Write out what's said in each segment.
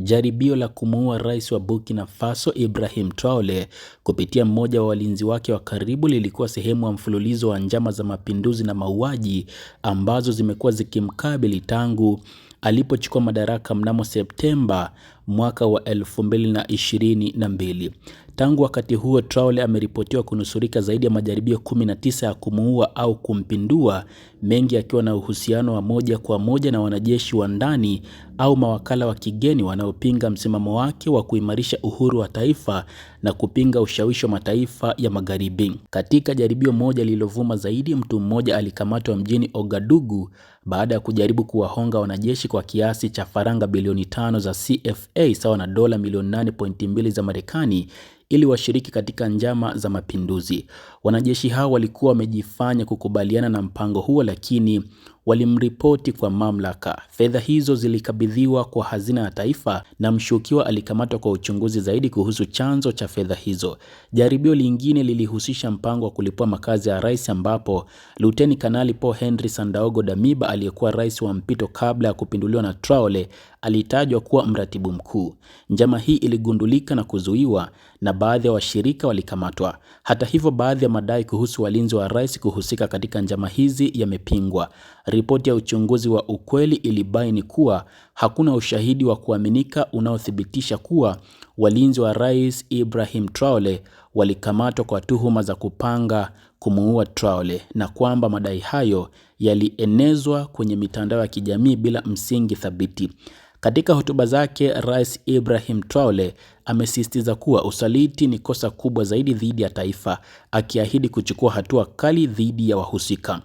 Jaribio la kumuua rais wa Burkina Faso Ibrahim Traore kupitia mmoja wa walinzi wake wa karibu lilikuwa sehemu ya mfululizo wa njama za mapinduzi na mauaji ambazo zimekuwa zikimkabili tangu alipochukua madaraka mnamo Septemba mwaka wa 2022 na na Tangu wakati huo, Traore ameripotiwa kunusurika zaidi ya majaribio 19 ya kumuua au kumpindua, mengi akiwa na uhusiano wa moja kwa moja na wanajeshi wa ndani au mawakala wa kigeni wanaopinga msimamo wake wa kuimarisha uhuru wa taifa na kupinga ushawishi wa mataifa ya magharibi. Katika jaribio moja lililovuma zaidi, mtu mmoja alikamatwa mjini ogadugu baada ya kujaribu kuwahonga wanajeshi kwa kiasi cha faranga bilioni tano za CFA sawa na dola milioni 8.2 za Marekani ili washiriki katika njama za mapinduzi. Wanajeshi hao walikuwa wamejifanya kukubaliana na mpango huo, lakini walimripoti kwa mamlaka. Fedha hizo zilikabidhiwa kwa hazina ya taifa na mshukiwa alikamatwa kwa uchunguzi zaidi kuhusu chanzo cha fedha hizo. Jaribio lingine lilihusisha mpango wa kulipua makazi ya rais, ambapo Luteni Kanali Paul Henry Sandaogo Damiba aliyekuwa rais wa mpito kabla ya kupinduliwa na Traore alitajwa kuwa mratibu mkuu. Njama hii iligundulika na kuzuiwa na baadhi ya wa washirika walikamatwa. Hata hivyo, baadhi ya madai kuhusu walinzi wa rais kuhusika katika njama hizi yamepingwa. Ripoti ya uchunguzi wa ukweli ilibaini kuwa hakuna ushahidi wa kuaminika unaothibitisha kuwa walinzi wa Rais Ibrahim Traore walikamatwa kwa tuhuma za kupanga kumuua Traore na kwamba madai hayo yalienezwa kwenye mitandao ya kijamii bila msingi thabiti. Katika hotuba zake, Rais Ibrahim Traore amesisitiza kuwa usaliti ni kosa kubwa zaidi dhidi ya taifa, akiahidi kuchukua hatua kali dhidi ya wahusika.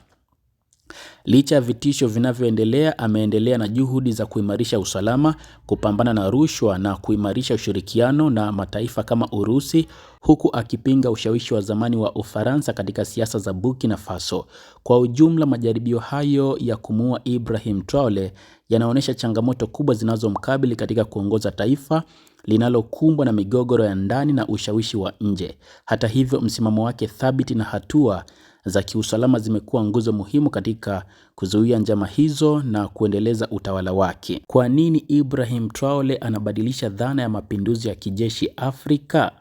Licha ya vitisho vinavyoendelea, ameendelea na juhudi za kuimarisha usalama, kupambana na rushwa na kuimarisha ushirikiano na mataifa kama Urusi, huku akipinga ushawishi wa zamani wa Ufaransa katika siasa za Burkina Faso. Kwa ujumla, majaribio hayo ya kumuua Ibrahim Traore yanaonyesha changamoto kubwa zinazomkabili katika kuongoza taifa linalokumbwa na migogoro ya ndani na ushawishi wa nje. Hata hivyo, msimamo wake thabiti na hatua za kiusalama zimekuwa nguzo muhimu katika kuzuia njama hizo na kuendeleza utawala wake. Kwa nini Ibrahim Traore anabadilisha dhana ya mapinduzi ya kijeshi Afrika?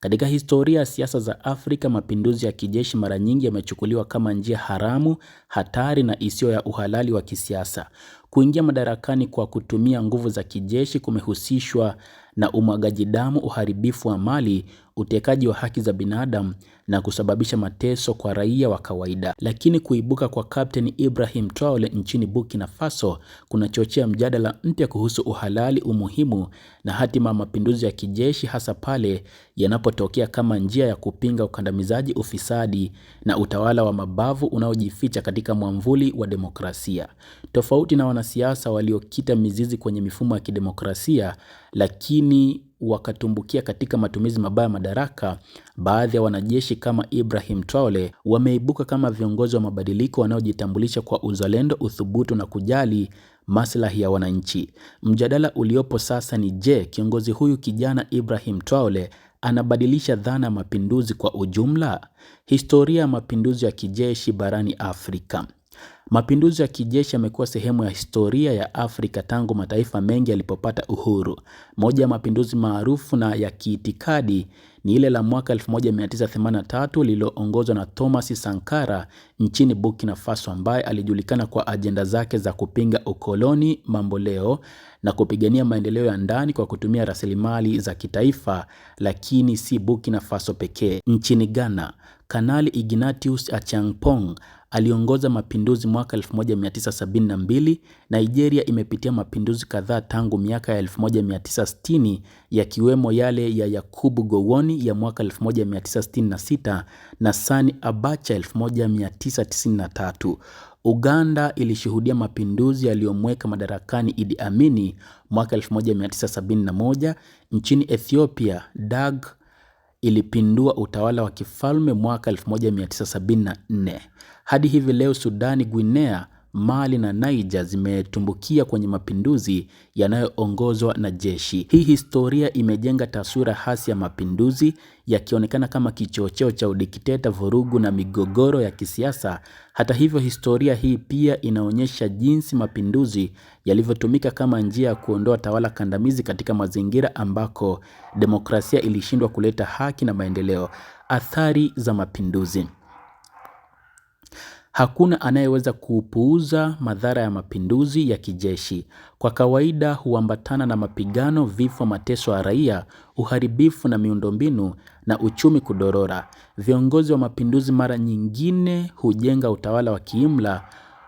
Katika historia ya siasa za Afrika, mapinduzi ya kijeshi mara nyingi yamechukuliwa kama njia haramu, hatari na isiyo ya uhalali wa kisiasa. Kuingia madarakani kwa kutumia nguvu za kijeshi kumehusishwa na umwagaji damu, uharibifu wa mali, utekaji wa haki za binadamu na kusababisha mateso kwa raia wa kawaida. Lakini kuibuka kwa Captain Ibrahim Traore nchini Burkina Faso kunachochea mjadala mpya kuhusu uhalali, umuhimu na hatima ya mapinduzi ya kijeshi, hasa pale yanapotokea kama njia ya kupinga ukandamizaji, ufisadi na utawala wa mabavu unaojificha katika mwamvuli wa demokrasia. Tofauti na wanasiasa waliokita mizizi kwenye mifumo ya kidemokrasia, lakini lakini wakatumbukia katika matumizi mabaya madaraka. Baadhi ya wanajeshi kama Ibrahim Traore wameibuka kama viongozi wa mabadiliko wanaojitambulisha kwa uzalendo, uthubutu na kujali maslahi ya wananchi. Mjadala uliopo sasa ni je, kiongozi huyu kijana Ibrahim Traore anabadilisha dhana ya mapinduzi kwa ujumla? Historia ya mapinduzi ya kijeshi barani Afrika. Mapinduzi ya kijeshi yamekuwa sehemu ya historia ya Afrika tangu mataifa mengi yalipopata uhuru. Moja ya mapinduzi maarufu na ya kiitikadi ni ile la mwaka 1983 lililoongozwa na Thomas Sankara nchini Burkina Faso ambaye alijulikana kwa ajenda zake za kupinga ukoloni mamboleo na kupigania maendeleo ya ndani kwa kutumia rasilimali za kitaifa, lakini si Burkina Faso pekee. Nchini Ghana, Kanali Ignatius Achampong Aliongoza mapinduzi mwaka 1972. Nigeria imepitia mapinduzi kadhaa tangu miaka ya 1960 yakiwemo yale ya Yakubu gowoni ya mwaka 1966 na Sani Abacha 1993. Uganda ilishuhudia mapinduzi yaliyomweka madarakani Idi Amini mwaka 1971. Nchini Ethiopia Dag ilipindua utawala wa kifalme mwaka 1974. Hadi hivi leo Sudani Guinea Mali na Niger zimetumbukia kwenye mapinduzi yanayoongozwa na jeshi. Hii historia imejenga taswira hasi ya mapinduzi yakionekana kama kichocheo cha udikteta, vurugu na migogoro ya kisiasa. Hata hivyo, historia hii pia inaonyesha jinsi mapinduzi yalivyotumika kama njia ya kuondoa tawala kandamizi katika mazingira ambako demokrasia ilishindwa kuleta haki na maendeleo. Athari za mapinduzi. Hakuna anayeweza kuupuuza madhara ya mapinduzi ya kijeshi. Kwa kawaida huambatana na mapigano, vifo, mateso ya raia, uharibifu na miundombinu na uchumi kudorora. Viongozi wa mapinduzi mara nyingine hujenga utawala wa kiimla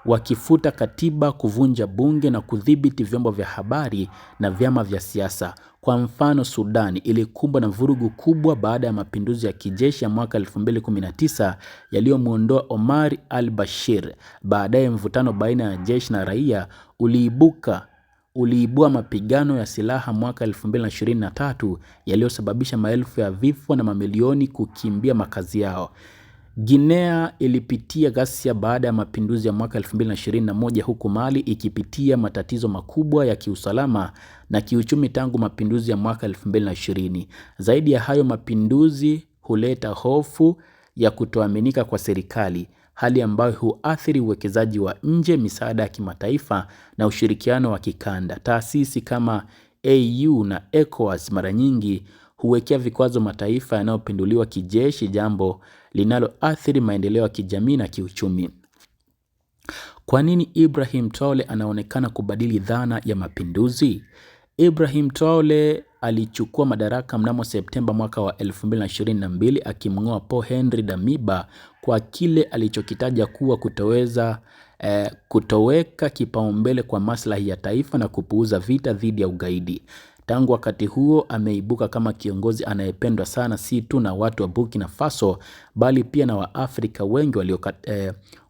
wakifuta katiba, kuvunja bunge na kudhibiti vyombo vya habari na vyama vya siasa. Kwa mfano, Sudan ilikumbwa na vurugu kubwa baada ya mapinduzi ya kijeshi ya mwaka 2019 yaliyomwondoa Omar al-Bashir. Baadaye, mvutano baina ya jeshi na raia uliibuka uliibua mapigano ya silaha mwaka 2023 yaliyosababisha maelfu ya vifo na mamilioni kukimbia makazi yao. Guinea ilipitia ghasia baada ya mapinduzi ya mwaka 2021 huku Mali ikipitia matatizo makubwa ya kiusalama na kiuchumi tangu mapinduzi ya mwaka 2020. Zaidi ya hayo, mapinduzi huleta hofu ya kutoaminika kwa serikali, hali ambayo huathiri uwekezaji wa nje, misaada ya kimataifa na ushirikiano wa kikanda. Taasisi kama AU na ECOWAS mara nyingi huwekea vikwazo mataifa yanayopinduliwa kijeshi, jambo linaloathiri maendeleo ya kijamii na kiuchumi. Kwa nini Ibrahim Traore anaonekana kubadili dhana ya mapinduzi? Ibrahim Traore alichukua madaraka mnamo Septemba mwaka wa 2022 akimng'oa Paul Henri Damiba kwa kile alichokitaja kuwa kutoweza eh, kutoweka kipaumbele kwa maslahi ya taifa na kupuuza vita dhidi ya ugaidi. Tangu wakati huo ameibuka kama kiongozi anayependwa sana si tu na watu wa Burkina Faso bali pia na Waafrika wengi eh,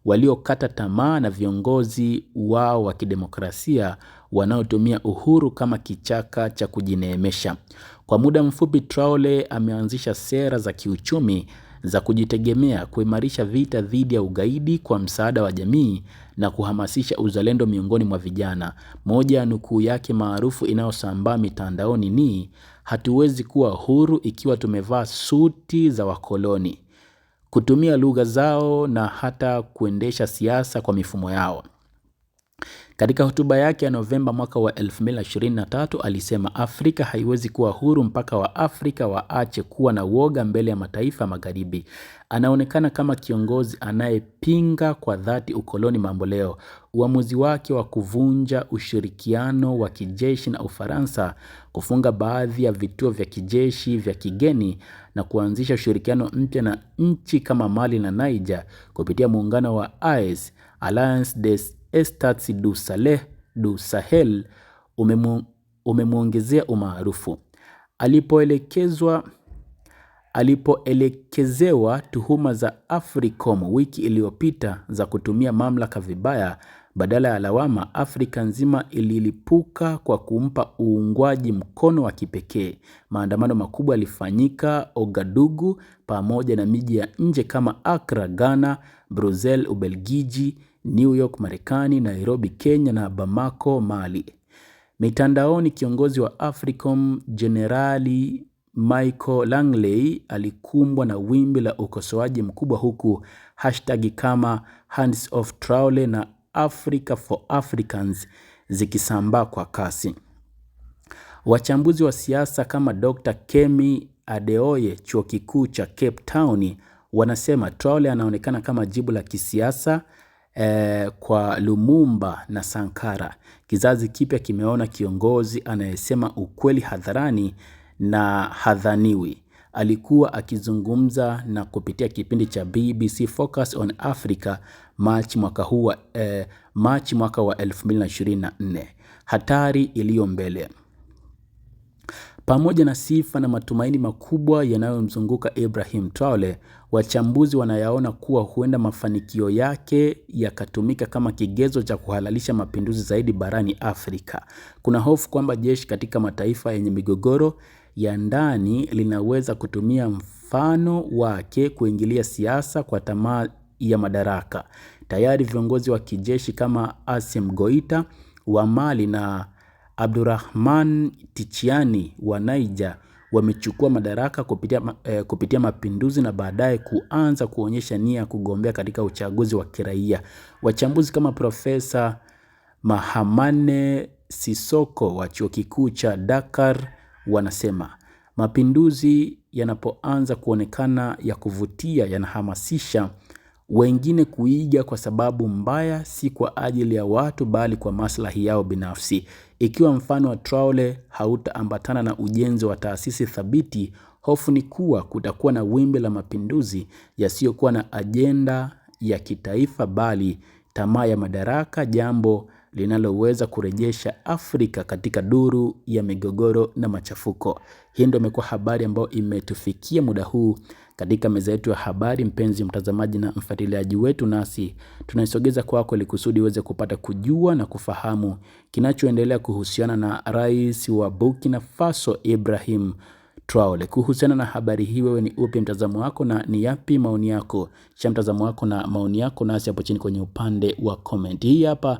waliokata eh, walio tamaa na viongozi wao wa kidemokrasia wanaotumia uhuru kama kichaka cha kujineemesha. Kwa muda mfupi, Traore ameanzisha sera za kiuchumi za kujitegemea, kuimarisha vita dhidi ya ugaidi kwa msaada wa jamii na kuhamasisha uzalendo miongoni mwa vijana. Moja ya nukuu yake maarufu inayosambaa mitandaoni ni hatuwezi kuwa huru ikiwa tumevaa suti za wakoloni, kutumia lugha zao na hata kuendesha siasa kwa mifumo yao. Katika hotuba yake ya Novemba mwaka wa 2023 alisema Afrika haiwezi kuwa huru mpaka wa afrika waache kuwa na woga mbele ya mataifa magharibi. Anaonekana kama kiongozi anayepinga kwa dhati ukoloni mamboleo. Uamuzi wake wa kuvunja ushirikiano wa kijeshi na Ufaransa, kufunga baadhi ya vituo vya kijeshi vya kigeni na kuanzisha ushirikiano mpya na nchi kama Mali na Niger kupitia muungano wa AES, Alliance des Estats du Saleh du Sahel umemwongezea umaarufu. Alipoelekezwa alipoelekezewa tuhuma za Africom wiki iliyopita za kutumia mamlaka vibaya, badala ya lawama, Afrika nzima ililipuka kwa kumpa uungwaji mkono wa kipekee. Maandamano makubwa yalifanyika ogadugu pamoja na miji ya nje kama Accra, Ghana, Brussels, Ubelgiji New York Marekani, Nairobi Kenya na Bamako Mali. Mitandaoni, kiongozi wa AFRICOM Jenerali Michael Langley alikumbwa na wimbi la ukosoaji mkubwa huku hashtag kama Hands Off Traore na Africa for Africans zikisambaa kwa kasi. Wachambuzi wa siasa kama Dr. Kemi Adeoye, chuo kikuu cha Cape Town, wanasema Traore anaonekana kama jibu la kisiasa eh, kwa Lumumba na Sankara. Kizazi kipya kimeona kiongozi anayesema ukweli hadharani na hadhaniwi. Alikuwa akizungumza na kupitia kipindi cha BBC Focus on Africa Machi mwaka huu wa, eh, Machi mwaka wa 2024. Hatari iliyo mbele. Pamoja na sifa na matumaini makubwa yanayomzunguka Ibrahim Traore, wachambuzi wanayaona kuwa huenda mafanikio yake yakatumika kama kigezo cha kuhalalisha mapinduzi zaidi barani Afrika. Kuna hofu kwamba jeshi katika mataifa yenye migogoro ya ndani linaweza kutumia mfano wake kuingilia siasa kwa tamaa ya madaraka. Tayari viongozi wa kijeshi kama Assimi Goita wa Mali na Abdurrahman Tichiani wa Niger wamechukua madaraka kupitia, eh, kupitia mapinduzi na baadaye kuanza kuonyesha nia ya kugombea katika uchaguzi wa kiraia. Wachambuzi kama Profesa Mahamane Sisoko wa chuo kikuu cha Dakar wanasema mapinduzi yanapoanza kuonekana ya kuvutia yanahamasisha wengine kuiga kwa sababu mbaya, si kwa ajili ya watu bali kwa maslahi yao binafsi. Ikiwa mfano wa Traore hautaambatana na ujenzi wa taasisi thabiti, hofu ni kuwa kutakuwa na wimbi la mapinduzi yasiyokuwa na ajenda ya kitaifa bali tamaa ya madaraka, jambo linaloweza kurejesha Afrika katika duru ya migogoro na machafuko. Hii ndio imekuwa habari ambayo imetufikia muda huu katika meza yetu ya habari. Mpenzi mtazamaji na mfuatiliaji wetu, nasi tunaisogeza kwako ili kusudi uweze kupata kujua na kufahamu kinachoendelea kuhusiana na rais wa Burkina Faso Ibrahim Traore. Kuhusiana na habari hii, wewe ni upi mtazamo wako na ni yapi maoni yako? Cha mtazamo wako na maoni yako nasi hapo chini kwenye upande wa comment. Hii hapa